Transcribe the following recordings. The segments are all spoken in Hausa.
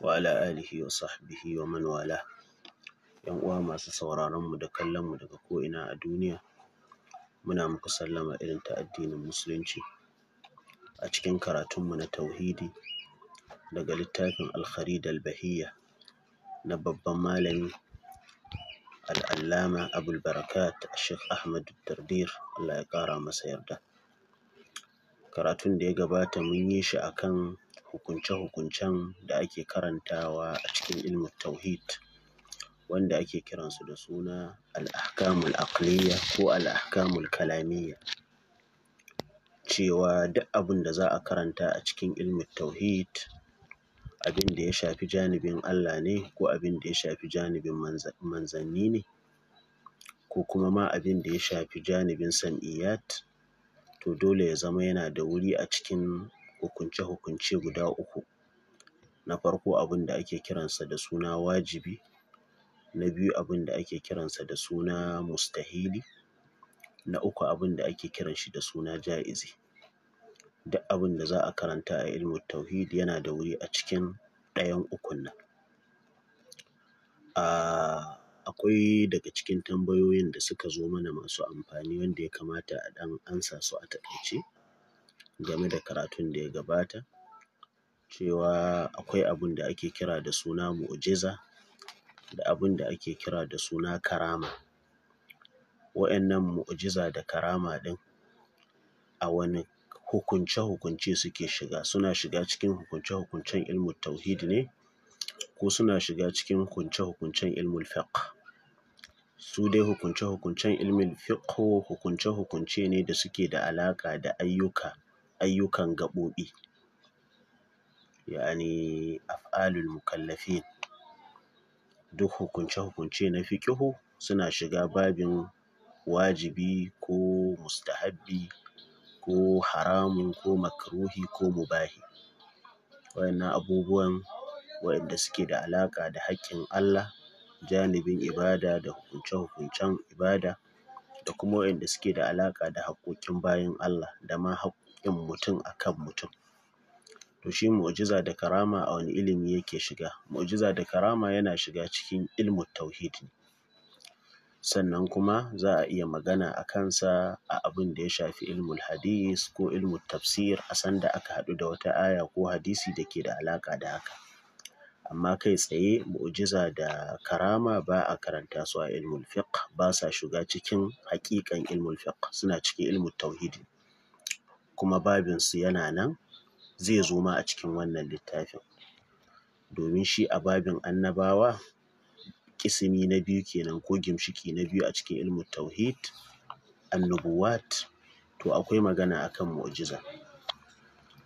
wa ala alihi wa sahbihi wa man wala yan uwa masu sauraron mu da kallon mu daga ko ina a duniya muna muku sallama irin ta addinin musulunci a cikin karatun mu na tauhidi daga littafin al-kharid al-bahiyya na babban malami al'allama abul barakat sheikh ahmad dardir allah ya ƙara masa yarda karatun da ya gabata mun yi shi akan hukunce-hukuncen da ake karantawa a cikin ilimin tauhid wanda ake kiransu da suna al-ahkamul aqliyya ko al-ahkamul kalamiyya cewa duk abin da za a karanta a cikin ilimin tauhid abin da ya shafi janibin Allah ne ko abin da ya shafi janibin manzanni ne ko kuma ma abin da ya shafi janibin sam'iyyat to dole ya zama yana da wuri a cikin hukunce-hukunce guda uku. Na farko abinda ake kiransa da suna wajibi, na biyu abinda ake kiransa da suna mustahili, na uku abinda ake shi da suna ja'izi. Duk abinda za a karanta a ilimin tauhidi yana da wuri a cikin ɗayan ukun nan. A akwai daga cikin tambayoyin da suka zo mana masu amfani wanda ya kamata a ɗan amsa su a taƙaice. game da karatun da ya gabata cewa akwai da ake kira da suna mu'ujiza da abunda ake kira da suna karama wa'innan mu'ujiza da karama ɗin a wani hukunce hukunce suke shiga suna shiga cikin hukunce hukuncen ilmu tauhidi ne ko suna shiga cikin hukunce hukuncen ilmu fiqh su dai hukunce hukuncen ilmu fiqh hukunce hukunce ne da suke da alaƙa da ayyuka ayyukan gaɓoɓi ya'ani af'alul mukallafin duk hukunce-hukunce na fiqihu suna shiga babin wajibi ko mustahabbi ko haramun ko makruhi ko mubahi wa'innan abubuwan wa'inda suke da alaƙa da haƙƙin Allah janibin ibada da hukunce-hukuncen ibada da kuma wa'inda suke da alaƙa da haƙƙoƙin bayin Allah da ma haƙƙoƙin haƙƙin mutum a kan mutum to shi mu'ujiza da karama a wani ilimi yake shiga mu'ujiza da karama yana shiga cikin ilmun tauhidi, sannan kuma za a iya magana a kansa a abin da ya shafi ilmul hadis ko ilmul tafsir a sanda aka haɗu da wata aya ko hadisi da ke da alaƙa da haka amma kai tsaye mu'ujiza da karama ba a karanta su a ilmul fiqh ba sa shiga cikin haƙiƙan ilmul fiqh suna cikin ilmul tauhidi. kuma babinsu yana nan zai zo ma a cikin wannan littafin domin shi a babin annabawa ƙismi na biyu kenan ko gimshiki na biyu a cikin ilmin tauhid annubuwat to akwai magana akan mu'jiza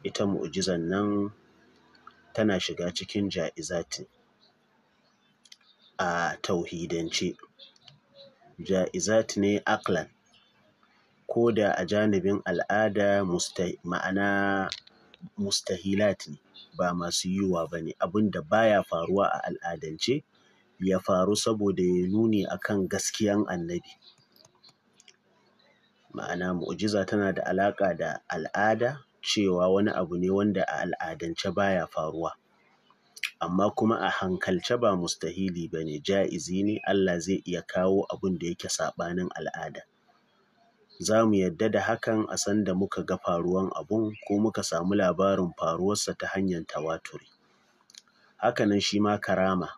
ita mu'jizan nan tana shiga cikin ja'izati a tauhidance ja'izat ne aklan ko da a janibin al'ada ma'ana mustahilat ne ba masu yiwuwa ba ne abin da baya faruwa a al'adance ya faru saboda ya nuni akan gaskiyan annabi ma'ana mu'jiza tana da alaƙa da al'ada cewa wani abu ne wanda a al'adance baya faruwa amma kuma a hankalce ba mustahili ba ne ja'izi ne Allah zai iya kawo abin da yake saɓanin al'ada Za mu yadda da hakan a sanda muka ga faruwan abun ko muka samu labarin faruwarsa ta hanyar tawaturi. hakanan nan shi ma karama,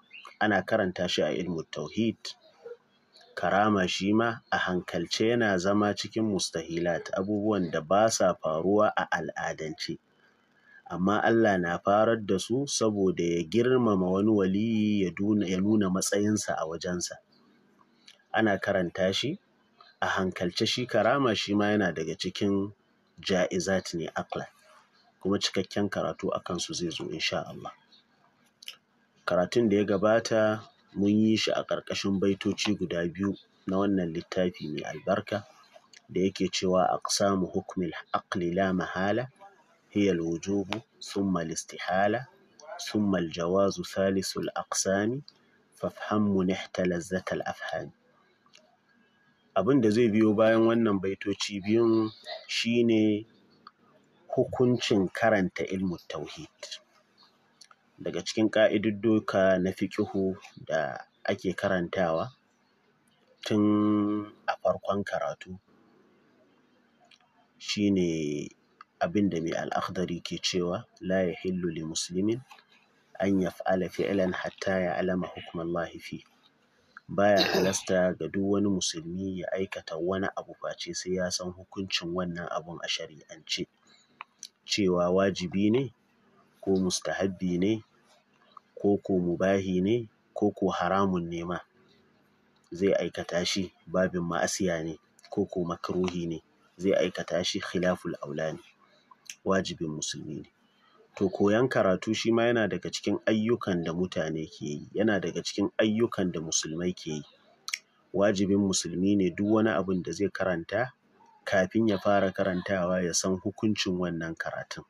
ana karanta shi a ilimi tauhid. Karama shi ma a hankalce yana zama cikin mustahilat, abubuwan da ba sa faruwa a al'adance, amma Allah na farar da su saboda ya girmama wani waliyi ya nuna matsayinsa a wajensa. Ana karanta shi a hankalce shi karama shi ma yana daga cikin ja'izat ne akla kuma cikakken karatu a kansu zai zo insha Allah karatun da ya gabata mun yi shi a ƙarƙashin baitoci guda biyu na wannan littafi mai albarka da yake cewa aqsamu hukmil aqli la mahala hiya al-wujub thumma al-istihala thumma al-jawaz thalith al fafham munihta lazzata al abin da zai biyo bayan wannan baitoci biyun shine hukuncin karanta ilmu tauhid daga cikin ƙa'idudduka na fiƙihu da ake karantawa tun a farkon karatu shine abin da mai al'akhdari ke cewa la yahillu li muslimin an yaf'ala fi'lan hatta ya'lama hukmallahi lahifi baya halasta ga duk wani musulmi ya aikata wani abu face sai ya san hukuncin wannan abun a shari'ance cewa wajibi ne ko mustahabbi ne ko ko mubahi ne ko ko haramun ne ma zai aikata shi babin ma'asiya ne ko ko makruhi ne zai aikata shi khilaful aula ne wajibin musulmi ne To koyan karatu shi ma yana daga cikin ayyukan da mutane ke yi, yana daga cikin ayyukan da musulmai ke yi. Wajibin musulmi ne duk wani abin da zai karanta kafin ya fara karantawa ya san hukuncin wannan karatun.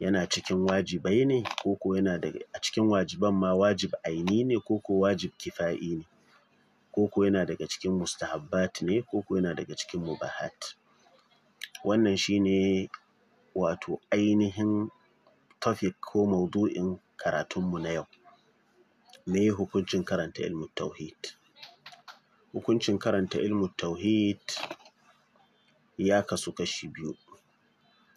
Yana cikin wajibai ne ko ko yana daga cikin wajiban ma wajib aini ne ko ko wajib kifa'i ne, ko ko yana daga cikin mustahabbat ne ko ko yana daga cikin mubahat. Wannan shi ne wato ainihin topic ko maudu'in karatunmu na yau. Me hukuncin karanta ilmin tauhid? Hukuncin karanta ilmin tauhid ya kasu kashi biyu.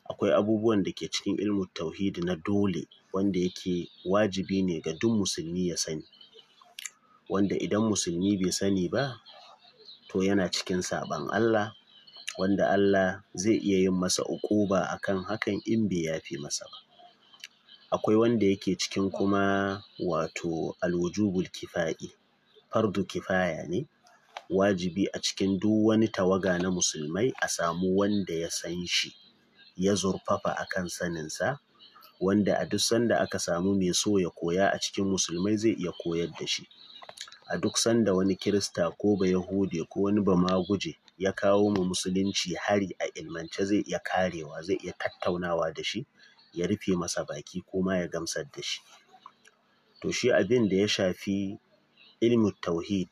Akwai abubuwan da ke cikin ilmin tauhid na dole wanda yake wajibi ne ga duk musulmi ya sani. Wanda idan musulmi bai sani ba to yana cikin saɓon Allah wanda Allah zai iya yin masa uquba akan hakan in bai yafe masa ba. akwai wanda yake cikin kuma wato alwujubul kifa'i fardu kifaya ne wajibi a cikin duk wani tawaga na musulmai a samu wanda ya san shi ya zurfafa a sanin saninsa wanda a duk sanda aka samu mai so ya koya a cikin musulmai zai iya koyar da shi a duk sanda wani kirista ko ba Yahudi ko wani ba maguje ya kawo ma musulunci hari a ilmance zai iya karewa zai iya tattaunawa da shi ya rufe masa baki ko ma ya gamsar da shi to shi abin da ya shafi ilmi tauhid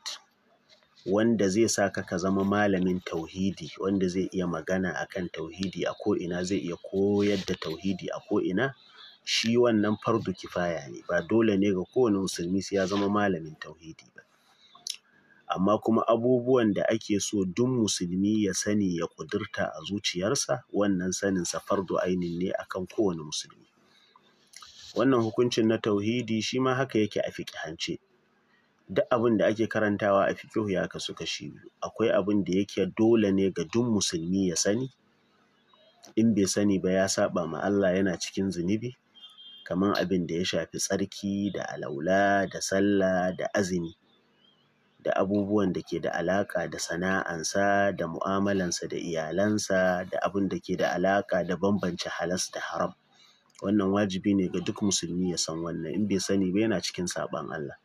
wanda zai sa ka ka zama malamin tauhidi wanda zai iya magana akan tauhidi a ko ina zai iya koyar da tauhidi a ko'ina shi wannan fardu kifaya ne ba dole ne ga kowane musulmi sai ya zama malamin tauhidi ba amma kuma abubuwan da ake so duk musulmi ya sani ya ƙudurta a zuciyarsa wannan sanin saninsa fardu ainin ne kan kowane musulmi wannan hukuncin na tauhidi shi ma haka yake a fiƙihance duk abin da ake karantawa a fiƙihu ya kasu kashi biyu akwai abin da yake dole ne ga duk musulmi ya sani in bai sani ba ya saba ma Allah yana cikin zunubi kamar abin da ya shafi tsarki da alaula da sallah da azumi da abubuwan da ke da alaƙa da sana'ansa da mu'amalansa da iyalansa da abin da ke da alaƙa da bambance halas da haram wannan wajibi ne ga duk musulmi ya san wannan in bai sani ba yana cikin saɓan Allah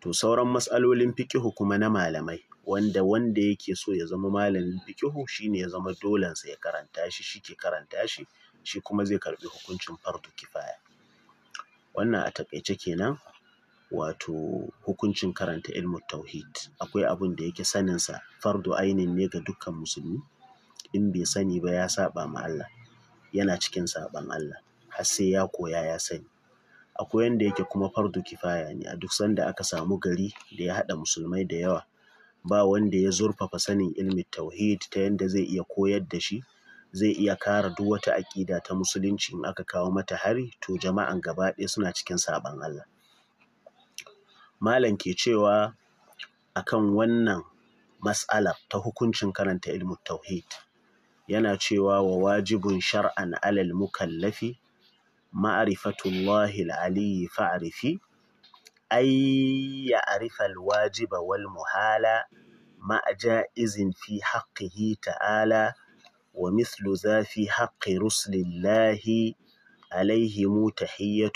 to sauran matsalolin fiƙihu kuma na malamai wanda wanda yake so ya zama malamin fiƙihu shine ya zama dolensa ya karanta shi shi ke karanta shi shi kuma zai karɓi hukuncin fardu kifaya wannan a taƙaice kenan wato hukuncin karanta ilmu tauhid akwai abin da yake saninsa fardu ainin ne ga dukkan musulmi in bai sani ba ya saba ma Allah yana cikin saban Allah har sai ya koya ya sani akwai wanda yake kuma fardu kifaya ne a duk sanda aka samu gari da ya haɗa musulmai da yawa ba wanda ya zurfafa sanin ilmin tauhid ta yanda zai iya koyar da shi zai iya kare duk wata aƙida ta musulunci in aka kawo mata hari to jama'an gaba ɗaya suna cikin saban Allah malam ke cewa akan wannan mas'ala ta hukuncin karanta ilmu tauhid yana cewa wa wajibun shar'an alal mukallafi ma'rifatullahi al-aliyyi fa'rifi Ai ya arifal wajiba wal muhala مع fi haƙƙi ta'ala, wa ومثل ذا في حق rusulillahi الله عليهم تحية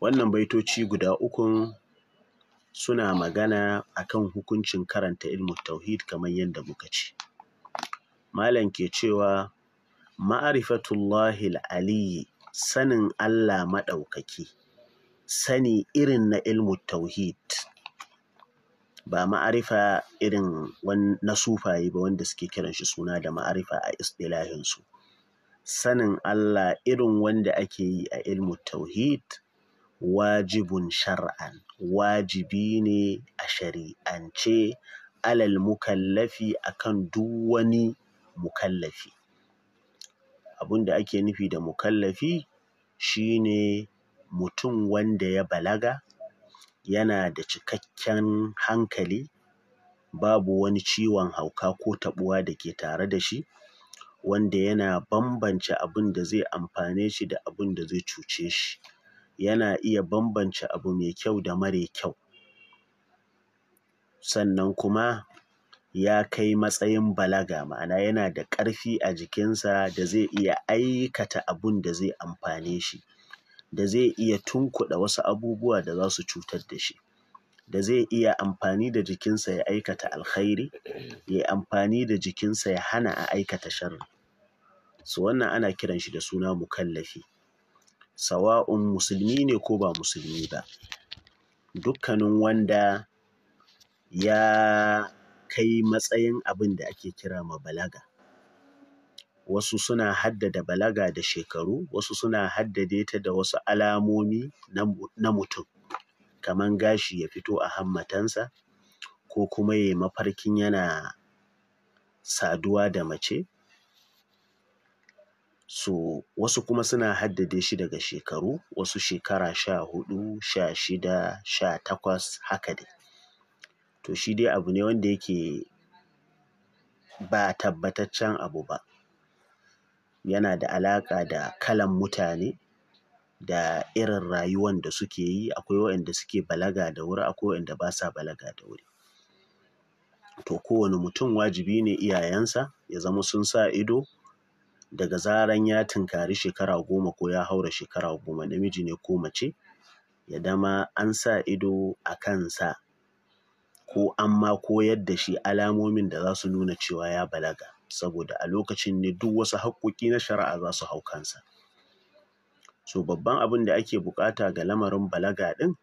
Wannan baitoci guda ukun suna magana akan hukuncin karanta ilimin tauhid kamar yadda muka ce. Malam ke cewa ma'arifatullahil aliyyi sanin Allah maɗaukaki sani irin na ilimin tauhid ba ma'arifa irin na sufaye ba wanda suke kiran shi suna da ma'arifa a istilahinsu. Sanin Allah irin wanda ake yi a ilimin tauhid wajibun shar'an wajibi ne a shari'ance alal mukallafi akan duk wani mukallafi abunda ake nufi da mukallafi shine mutum wanda ya balaga yana da cikakken hankali babu wani ciwon hauka ko taɓuwa da ke tare da shi wanda yana bambance abunda zai amfane shi da abunda zai cuce shi yana iya bambance abu mai kyau da mare kyau. Sannan kuma ya kai matsayin balaga ma'ana yana da ƙarfi a jikinsa da zai iya aikata abun da zai amfane shi, da zai iya tunkuɗe wasu abubuwa da za su cutar da shi, da zai iya amfani da jikinsa ya aikata alkhairi, ya yi amfani da jikinsa ya hana a aikata sharri. So wannan ana kiran shi da suna mukallafi. sawa'un musulmi ne ko ba musulmi ba dukkanin wanda ya kai matsayin abin da ake kira ma balaga wasu suna haddada balaga da shekaru wasu suna haddade ta da wasu alamomi na mutum kaman gashi ya fito a hammatansa ko kuma ya mafarkin yana saduwa da mace so wasu kuma suna haddade shi daga shekaru wasu shekara sha hudu, sha shida sha takwas haka dai to shi dai abu ne wanda yake ba tabbataccen abu ba yana da alaƙa da kalan mutane da irin rayuwan da suke yi akwai waɗanda suke balaga da wuri akwai wanda ba sa balaga da wuri to kowane mutum wajibi ne iyayensa ya zama sun sa ido daga zaran ya tunkari shekara goma ko ya haura shekara goma namiji ne ko mace ya dama an sa ido a kansa ko an ma koyar da shi alamomin da za su nuna cewa ya balaga saboda a lokacin ne duk wasu haƙƙoƙi na shari'a za su hau kansa so babban abin da ake buƙata ga lamarin balaga ɗin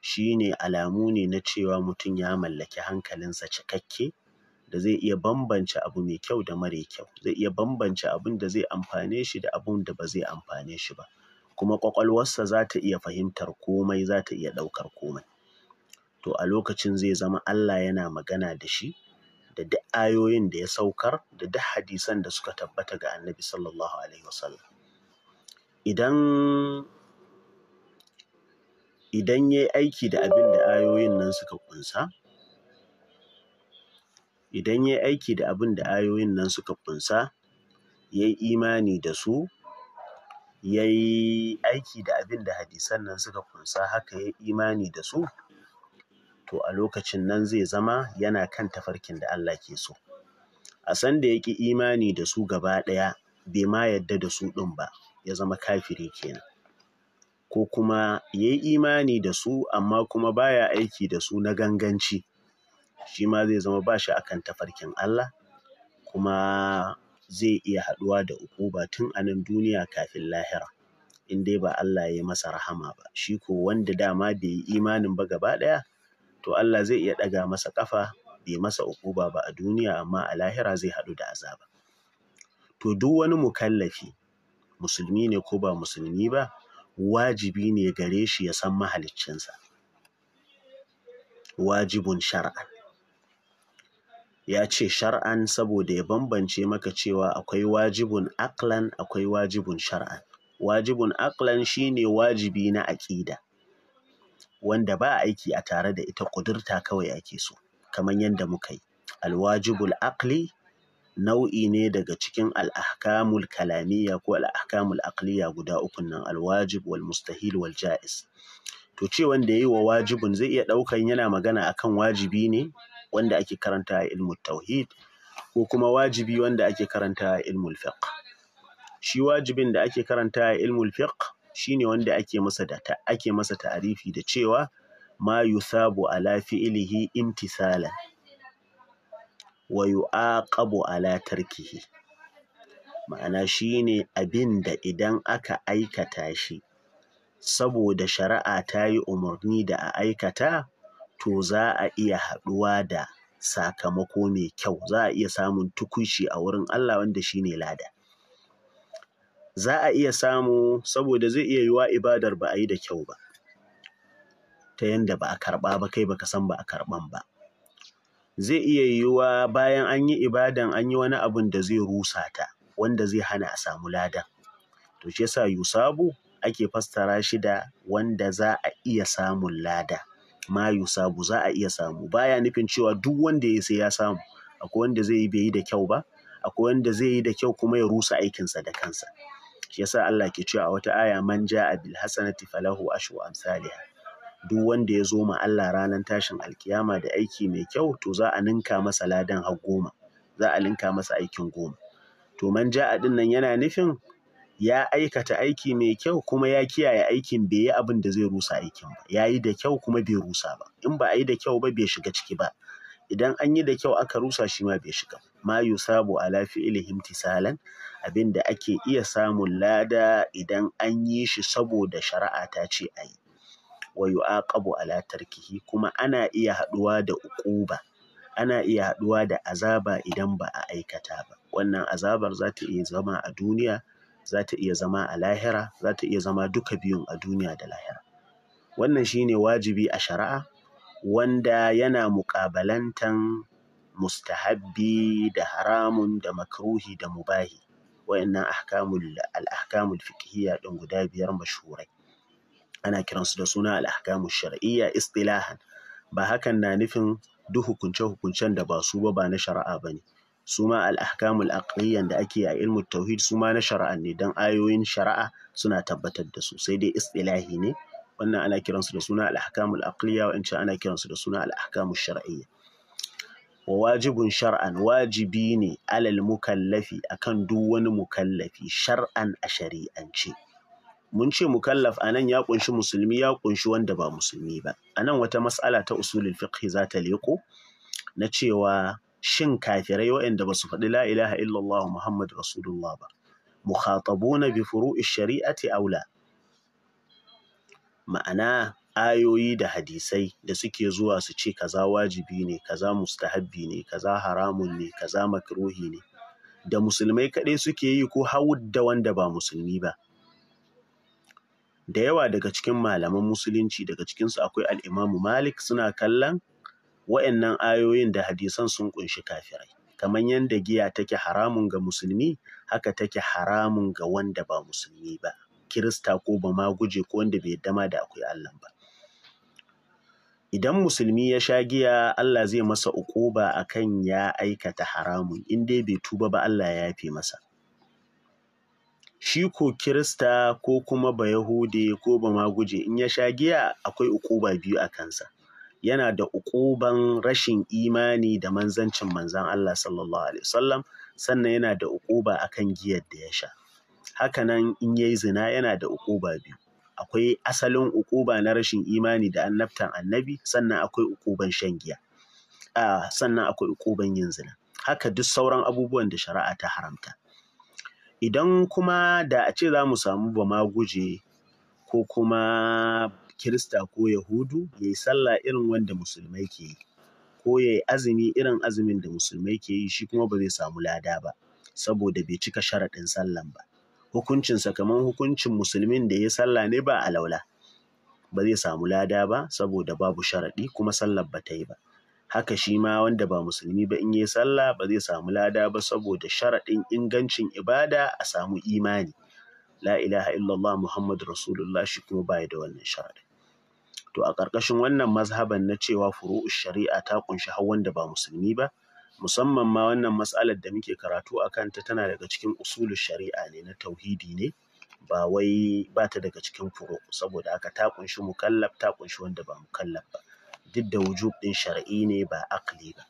shi ne alamu ne na cewa mutum ya mallaki hankalinsa cikakke da zai iya bambance abu mai kyau da mare kyau zai iya bambance abun da zai amfane shi da abun da ba zai amfane shi ba kuma ƙwaƙwalwarsa za ta iya fahimtar komai za ta iya ɗaukar komai to a lokacin zai zama Allah yana magana da shi da duk ayoyin da ya saukar da duk hadisan da suka tabbata ga annabi sallallahu alaihi wasallam idan idan ya aiki da abin da ayoyin nan suka kunsa Idan ya yi aiki da abin da ayoyin nan suka ƙunsa, ya yi imani da su, ya yi aiki da abin da hadisan nan suka ƙunsa haka ya yi imani da su, to a lokacin nan zai zama yana kan tafarkin da Allah ke so. A sanda ya ƙi imani da su gaba ɗaya bai ma yadda da su ɗin ba, ya zama kafiri kenan. Ko kuma ya yi imani da su amma kuma baya aiki da su na ganganci. shi ma zai zama ba shi akan tafarkin Allah kuma zai iya haɗuwa da ukuba tun a nan duniya kafin lahira in dai ba Allah ya yi masa rahama ba shi ko wanda dama bai yi imanin ba gaba ɗaya to Allah zai iya ɗaga masa ƙafa bai masa ukuba ba a duniya amma a lahira zai haɗu da azaba to duk wani mukallafi musulmi ne ko ba musulmi ba wajibi ne gare shi ya san mahaliccinsa wajibun shar'an Ya ce shar'an saboda ya bambance maka cewa akwai wajibun aklan akwai wajibun shar'an. Wajibun aklan shine wajibi na aƙida wanda ba aiki a tare da ita ƙudurta kawai ake so kamar yadda muka yi. Alwajibul aqli nau'i ne daga cikin al'ahkamul kalamiyya ko al'ahkamul aqliyya guda ukun nan alwajib wal mustahil wal ja'iz. To ce wanda yayi wa wajibin zai iya ɗaukan yana magana akan wajibi ne? wanda ake karanta a ilmul tauhid ko kuma wajibi wanda ake karanta a ilmul fiqh shi wajibin da ake karanta a ilmul fiqh shine wanda ake masa da ake masa ta'arifi da cewa ma yusabu ala fi'lihi imtisalan wa yu'aqabu a tarkihi ma'ana shine da idan aka aikata shi saboda shari'a ta yi umarni da a aikata to za a iya haɗuwa da sakamako mai kyau za a iya samun tukushi a wurin Allah wanda shi ne lada za a iya samu saboda zai iya yiwa ibadar ba a yi da kyau ba ta yadda ba a karɓa ba kai ka san ba a karɓan ba zai iya yiwuwa bayan an yi ibadan an yi wani abun da zai rusa ta wanda zai hana a samu lada to shi yasa yusabu ake fassara shi da wanda za a iya samun lada Mayu, sabu za a iya samu baya nufin cewa duk wanda ya sai ya samu akwai wanda zai yi bai yi da kyau ba akwai wanda zai yi da kyau kuma ya rusa aikinsa da kansa shi yasa Allah ke cewa a wata aya man ja'a bil hasanati falahu ashru amsalha duk wanda ya zo ma Allah ranar tashin alkiyama da aiki mai kyau to za a ninka masa ladan har goma za a ninka masa aikin goma to man ja'a din nan yana nufin ya aikata aiki mai kyau kuma ya kiyaye aikin bai yi abin da zai rusa aikin ba ya yi da kyau kuma bai rusa ba in ba a yi da kyau ba bai shiga ciki ba idan an yi da kyau aka rusa shi ma bai shiga ma a lafi ilihim tisalan abin da ake iya samun lada idan an yi shi saboda shari'a ta ce a yi wa yu'aqabu ala tarkihi kuma ana iya haɗuwa da uquba ana iya haɗuwa da azaba idan ba a aikata ba wannan azabar za ta iya zama a duniya za ta iya zama a lahira za ta iya zama duka biyun a duniya da lahira wannan shine wajibi a shari'a wanda yana muƙabalantan mustahabbi da haramun da makruhi da mubahi wayannan ahkamul al-ahkamul fiqhiyya din guda biyar mashurai. ana kiransu da suna al-ahkamu shar'iyya istilahan ba hakan na nufin duk hukunce hukuncen da ba su ba ba na shari'a bane suma al-ahkamul da ake a ilmu tauhid suma na shari'a ne dan ayoyin shari'a suna tabbatar da su sai dai istilahi ne wannan ana kiransu da suna al-ahkamul aqliyya wa'ancan ana kiransu da suna al-ahkamush shar'iyya wa wajibun shar'an wajibi ne alal mukallafi akan duk wani mukallafi shar'an a shari'ance mun ce mukallaf a nan ya kunshi musulmi ya kunshi wanda ba musulmi ba a nan wata mas'ala ta usulul fiqh za ta leko na cewa shin kafirai waɗanda ba su faɗi la'ilaha ilaha illallah Muhammad Rasulullah ba mukhatabuna bi furu'i shari'ati aula ma'ana ayoyi da hadisai da suke zuwa su ce kaza wajibi ne kaza mustahabbi ne kaza haramun ne kaza makruhi ne da musulmai kaɗai suke yi ko hawud da wanda ba musulmi ba da yawa daga cikin malaman musulunci daga cikinsu akwai al'imamu malik suna kallon wa'annan ayoyin da hadisan sun kunshi kafirai kamar yadda giya take haramun ga musulmi haka take haramun ga wanda ba musulmi ba kirista ko ba ma guje ko wanda bai dama da akwai Allah ba idan musulmi ya sha giya Allah zai masa ukuba akan ya aikata haramun in dai bai tuba ba Allah ya yafe masa shi ko kirista ko kuma ba yahude ko ba ma guje in ya sha giya akwai ukuba biyu a kansa yana da uƙuban rashin imani da manzancin manzan Allah sallallahu alaihi wasallam sannan yana da uƙuba kan giyar da ya sha hakanan in yayi zina yana da uƙuba biyu akwai asalin uƙuba na rashin imani da annabtan annabi sannan akwai uƙuban shan giya a sannan akwai uƙuban yin zina haka duk sauran abubuwan da shari'a ta haramta idan kuma da a ce za mu samu ba ma guje ko kuma Kirista ko Yahudu ya yi sallah irin wanda musulmai ke yi, ko ya yi azumi irin azumin da musulmai ke yi shi kuma ba zai samu lada ba, saboda bai cika sharaɗin sallan ba. Hukuncinsa kamar hukuncin musulmin da ya yi sallah ne ba alaula, ba zai samu lada ba saboda babu sharaɗi kuma sallar ba ta yi ba. Haka shi ma wanda ba musulmi ba in yi sallah ba zai samu lada ba saboda sharaɗin ingancin ibada a samu imani. La ilaha illallah Muhammadu Rasulullah shi kuma baya da wannan sharaɗin. to a ƙarƙashin wannan mazhaban na cewa furu'u shari'a ta ƙunshi har wanda ba musulmi ba musamman ma wannan matsalar da muke karatu a kanta tana daga cikin usulul shari'a ne na tauhidi ne ba wai ba ta daga cikin furu saboda haka ta kunshi mukallaf ta ƙunshi wanda ba mukallaf ba duk da wujub ɗin shar'i ne ba akli ba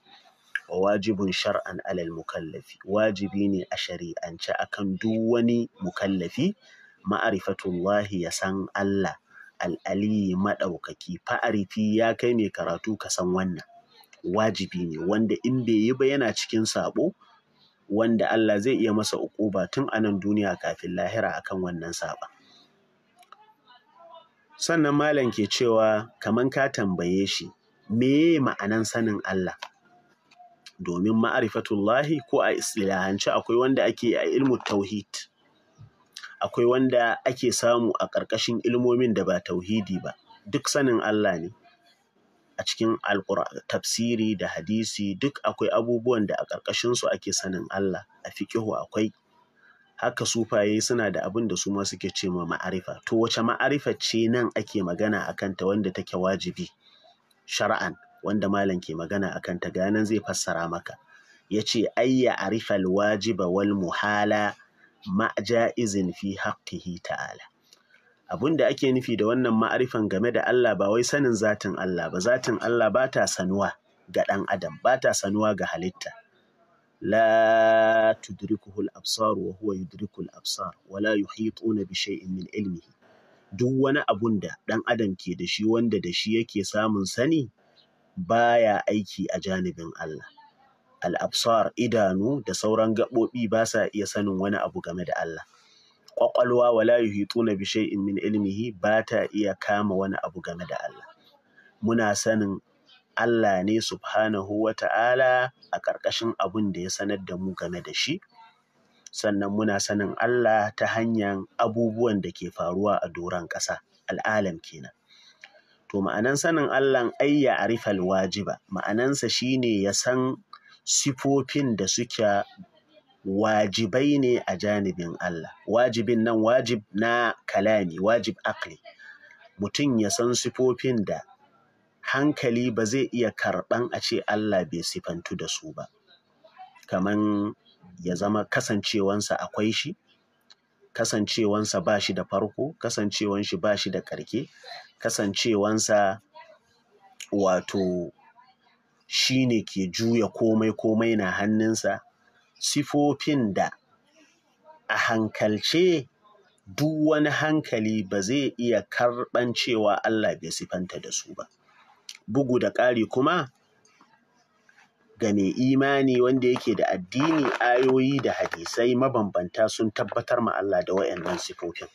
wa wajibun shar'an alal mukallafi wajibi ne a shari'ance akan duk wani mukallafi ma'arifatullahi ya san Allah al'aliyi maɗaukaki fa'arifi ya kai mai karatu ka san wannan wajibi ne wanda in bai yi ba yana cikin sabo wanda Allah zai iya masa uquba tun a nan duniya kafin lahira akan wannan saba sannan malam ke cewa kaman ka tambaye shi me ma'anan sanin Allah domin ma'arifatullahi ko a isla'ance akwai wanda ake a ilmu tauhid akwai wanda ake samu a ƙarƙashin ilmomin da ba tauhidi ba duk sanin Allah ne a cikin alƙur'a, tafsiri da hadisi duk akwai abubuwan da a ƙarƙashinsu ake sanin Allah a fiƙihu akwai haka sufaye suna da abin da su ma suke ce ma ma'arifa to wace ma'arifa ce nan ake magana a kanta wanda take wajibi shar'an wanda malam ke magana a kanta ganan zai fassara maka ya ce ayya arifal wajiba wal muhala ma'ja'izin fi haqqihi ta'ala abin da ake nufi da wannan ma'arifan game da Allah ba wai sanin zatin Allah ba zatin Allah ba ta sanuwa ga ɗan adam ba ta sanuwa ga halitta la tudrikuhu al-absar wa huwa yudriku al-absar wa la yuhituna bi shay'in min ilmihi duk wani abun da ɗan adam ke da shi wanda da shi yake samun sani baya aiki a janibin Allah al'absar idanu da sauran gaɓoɓi ba sa iya sanin wani abu game da Allah. Ƙwaƙwalwa wala Tuna bi shay'in min ilmihi ba ta iya kama wani abu game da Allah. Muna sanin Allah ne subhanahu wa ta'ala a ƙarƙashin abun da ya sanar da mu game da shi, sannan muna sanin Allah ta hanyar abubuwan da ke faruwa a doron ƙasa, al'alam kenan. To ma'anan sanin Allah ayya ya arifal wajiba, ma'anansa shine ya san sifofin da suke wajibai ne a janibin Allah. Wajibin nan wajib na kalami, wajib akli. Mutum ya san sifofin da hankali ba zai iya karɓan a ce Allah bai sifantu da su ba. Kaman ya zama kasancewansa akwai shi, kasancewansa ba shi da farko, kasancewan ba shi da ƙarke, kasancewansa wato shi ne ke juya komai komai na hannunsa sifofin da a hankalce duk wani hankali ba zai iya karɓan cewa Allah bai sifanta da su ba bugu da ƙari kuma ga mai imani wanda yake da addini ayoyi da hadisai mabambanta sun tabbatar ma Allah da wayannan sifofin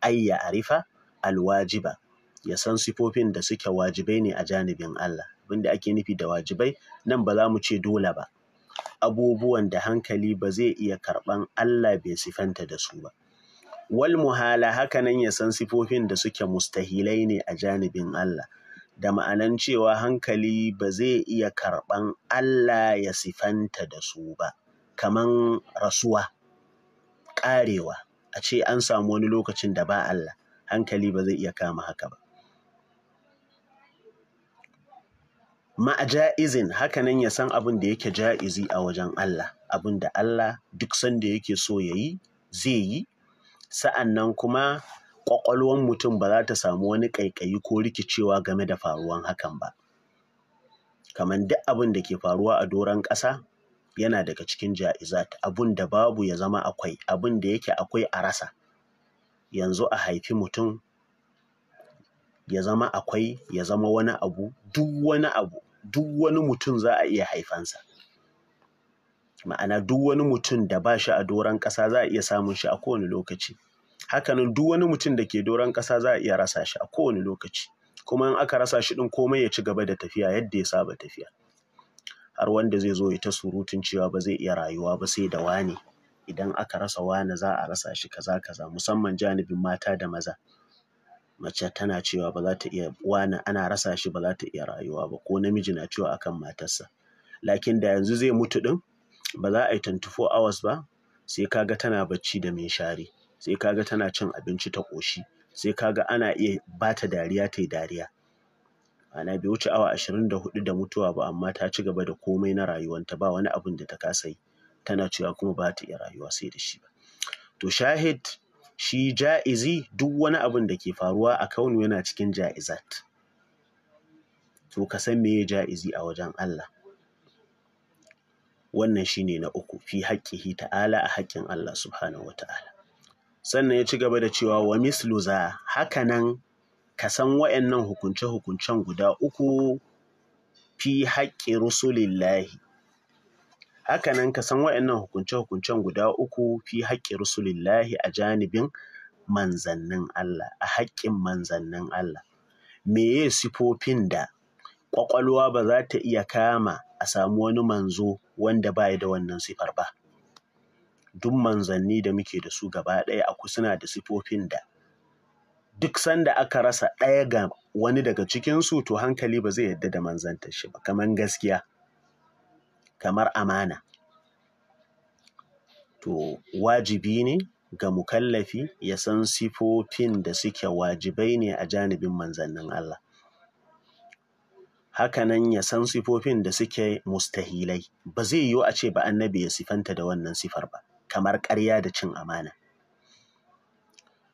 ayya arifa alwajiba ya san sifofin da suke wajibai ne a janibin Allah abin da ake nufi da wajibai nan ba za mu ce dole ba abubuwan da hankali ba zai iya karɓan Allah bai sifanta da su ba wal muhala nan ya san sifofin da suke mustahilai ne a janibin Allah da ma'anan cewa hankali ba zai iya karɓan Allah ya sifanta da su ba kaman rasuwa ƙarewa a ce an samu wani lokacin da ba Allah hankali ba zai iya kama haka ba ma'a ja'izin hakanan ya san abin da yake ja'izi a wajen Allah abin da Allah duk sanda yake so ya yi zai yi sa'an nan kuma ƙwaƙwalwan mutum ba za ta samu wani ƙaiƙayi ko rikicewa game da faruwan hakan ba kamar duk abin da ke faruwa a doron ƙasa yana daga cikin ja'izat abin da babu ya zama akwai abin da yake akwai a rasa yanzu a haifi mutum ya zama akwai ya zama wani abu duk wani abu duk wani mutum za a iya haifansa ma'ana duk wani mutum da ba shi a doron ƙasa za a iya samun shi a kowane lokaci hakanan duk wani mutum da ke doron ƙasa za a iya rasa shi a kowane lokaci kuma in aka rasa shi ɗin komai ya ci gaba da tafiya yadda ya saba tafiya har wanda zai zo ya ta surutun cewa ba zai iya rayuwa ba sai da wane idan aka rasa wane za a rasa shi kaza kaza musamman janibin mata da maza mace tana cewa ba za ta iya wani ana rasa shi ba za ta iya rayuwa ba ko namiji na cewa akan matarsa lakin da yanzu zai mutu din ba za a yi 24 hours ba sai kaga tana bacci da min share, sai kaga tana cin abinci ta koshi sai kaga ana iya ba ta dariya ta yi dariya ana bai wuce awa 24 da mutuwa ba amma ta ci gaba da komai na rayuwanta ba wani abin da ta kasa yi tana cewa kuma ba ta iya rayuwa sai da shi ba to shahid shi ja'izi duk wani abin da ke faruwa a kaunu yana cikin ja'izat to ka san meye ja'izi a wajen Allah wannan shi ne na uku fi haqqihi ta'ala a haƙƙin Allah subhanahu ta'ala. sannan ya ci gaba da cewa wa mislu za nan, ka san wa'annan hukunce-hukuncen guda uku fi haƙƙi rusulillahi Haka nan ka san waɗannan hukunce-hukuncen guda uku fi haƙƙi Rasulillahi a janibin manzannin Allah, a haƙƙin manzannin Allah. Meye sifofin da ƙwaƙwalwa ba za ta iya kama a samu wani manzo wanda ba da wannan sifar ba. Duk manzanni da muke da su gaba ɗaya a suna da sifofin da duk sanda aka rasa ɗaya ga wani daga cikinsu to hankali ba zai yarda da manzantar shi ba, kamar gaskiya. kamar amana. To wajibi ne ga mukallafi ya san sifofin da suke wajibai ne a janibin manzannin Allah. Hakanan ya san sifofin da suke mustahilai, ba zai yiwu a ce ba annabi ya sifanta da wannan sifar ba, kamar ƙarya da cin amana.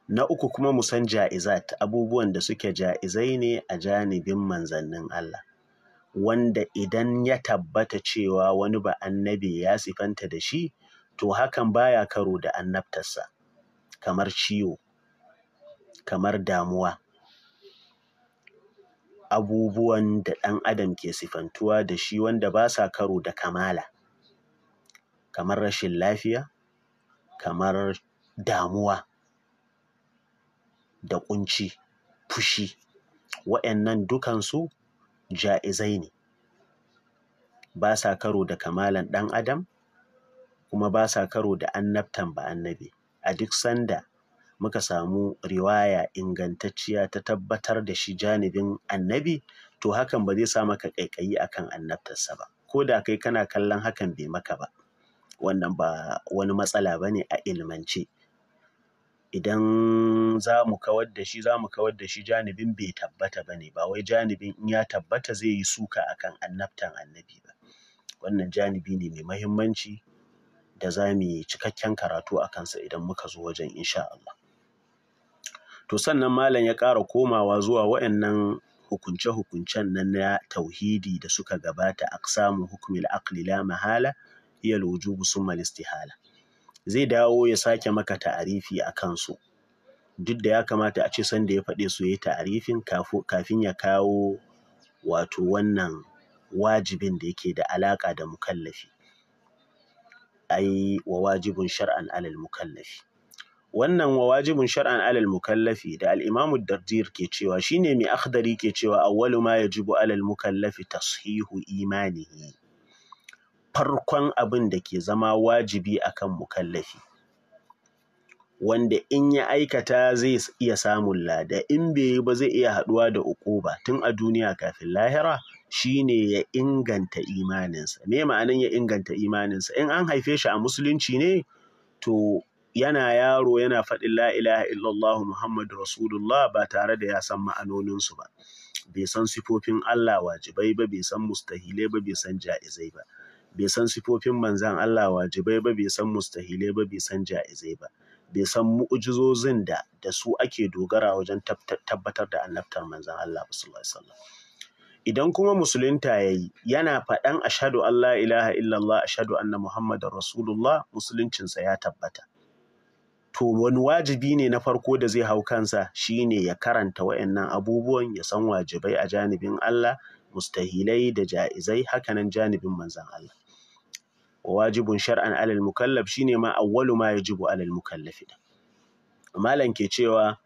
Na uku kuma mu san ja'izat, abubuwan da suke ja'izai ne a janibin manzannin Allah. wanda idan ya tabbata cewa wani ba annabi ya sifanta da shi, to hakan baya karo da annabtarsa, kamar ciwo, kamar damuwa. Abubuwan da ɗan adam ke sifantuwa da shi wanda ba sa karo da kamala, kamar rashin lafiya, kamar damuwa da ƙunci, fushi. Waɗannan dukansu ja'izai ne ba sa karo da kamalan ɗan adam kuma ba sa karo da annabtan ba annabi a duk sanda muka samu riwaya ingantacciya ta tabbatar da shi janibin annabi to hakan ba zai sa maka ƙaiƙayi akan annabtarsa ba ko da kai kana kallon hakan bai maka ba wannan ba wani matsala ba ne a ilmance idan za mu kawar da shi za mu kawar da shi janibin bai tabbata ba ne ba wai janibin in ya tabbata zai yi suka akan annabtan annabi ba wannan janibi ne mai mahimmanci da za mu yi cikakken karatu a kansa idan muka zo wajen insha Allah to sannan malam ya ƙara komawa zuwa wa'annan hukunce-hukuncen nan na tauhidi da suka gabata a hukmil aqli la mahala hiya alwujubu summa istihala zai dawo ya sake maka ta'arifi a kansu duk da ya kamata a ce sanda ya faɗe su yi ta'arifin kafin ya kawo wato wannan wajibin da yake da alaƙa da mukallafi ai wa wajibin shar'an alal mukallafi wannan wa wajibin shar'an alal mukallafi da al'imamu ke cewa shine mai akhdari ke cewa awwalu ma yajibu alal mukallafi tashihu imanihi farkon abin da ke zama wajibi akan mukallafi, wanda in ya aikata zai iya samun lada, in bai yi ba zai iya haɗuwa da ba tun a duniya kafin lahira, shi ne ya inganta imaninsa. Me ma'anin ya inganta imaninsa? In an haife shi a musulunci ne, to yana yaro yana faɗin la illallah Muhammadu Rasulullah ba tare da ya san ma'anoninsu ba. Bai san sifofin Allah wajibai ba, bai san mustahilai ba, bai san ja'izai ba. bai san sifofin manzan Allah wajibai ba bai san mustahilai ba bai san ja'izai ba bai san mu'ujizozin da da su ake dogara wajen tabbatar da annabtar manzan Allah sallallahu idan kuma musulunta yayi yana faɗan ashadu Allah ilaha illallah ashhadu anna muhammadar rasulullah musuluncinsa ya tabbata to wani wajibi ne na farko da zai hau kansa shine ya karanta wayannan abubuwan ya san wajibai a janibin Allah mustahilai da ja'izai hakanan janibin manzan Allah Wajibin shar'an alal mukallaf shine ma awwalu ma yajibu alal mukallaf malam ke cewa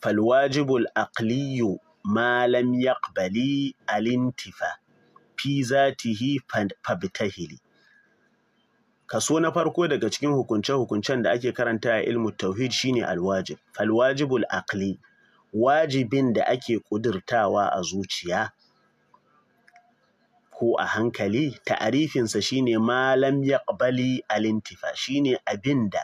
fal wajibul aqliyu ma lam yaqbali alintifa fi zatihi fabtahili kaso na farko daga cikin hukunce-hukuncen da ake karanta a ilmu tauhid shine alwajib falwajibul aqli wajibin da ake kudurtawa a zuciya ko a hankali ta'arifinsa shine malam yaqbali alintifa shine abinda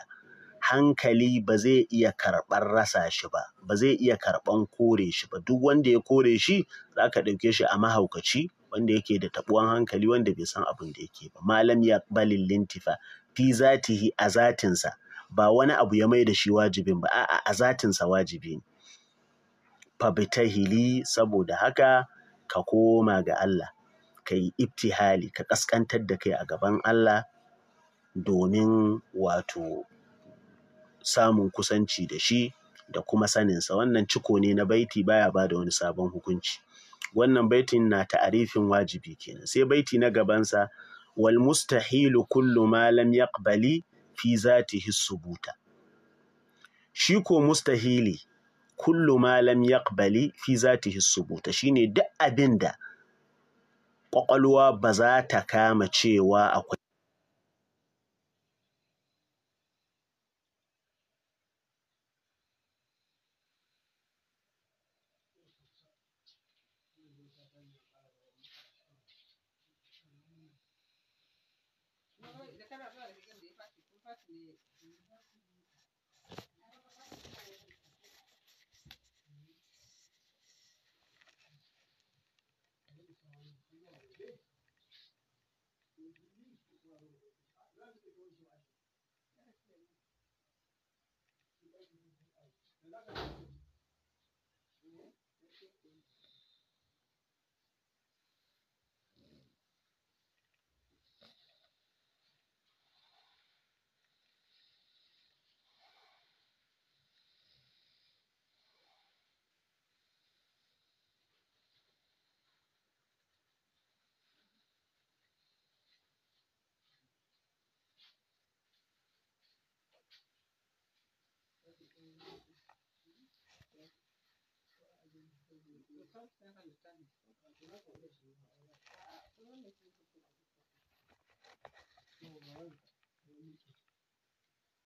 hankali ba zai iya karɓar rasa shi ba ba zai iya karɓan kore shi ba duk wanda ya kore shi zaka ɗauke shi a mahaukaci wanda yake da taɓuwan hankali wanda bai san abin da yake ba malam yaqbali lintifa fi zatihi a zatinsa ba wani abu ya mai da shi wajibin ba a'a a zatinsa wajibi ne hili saboda haka ka koma ga Allah ka yi ibtihali ka ƙasƙantar da kai a gaban Allah domin wato samun kusanci da shi da kuma saninsa wannan ciko ne na baiti baya ba da wani sabon hukunci wannan baitin na ta'arifin wajibi kenan sai baiti na gabansa wal mustahilu kullu ma lam yaqbali fi zatihi subuta shi ko mustahili kullu ma lam yaqbali fi zatihi subuta shine duk abinda ƙwaƙwalwa ba za ta kama cewa akwai Thank you. Thank you.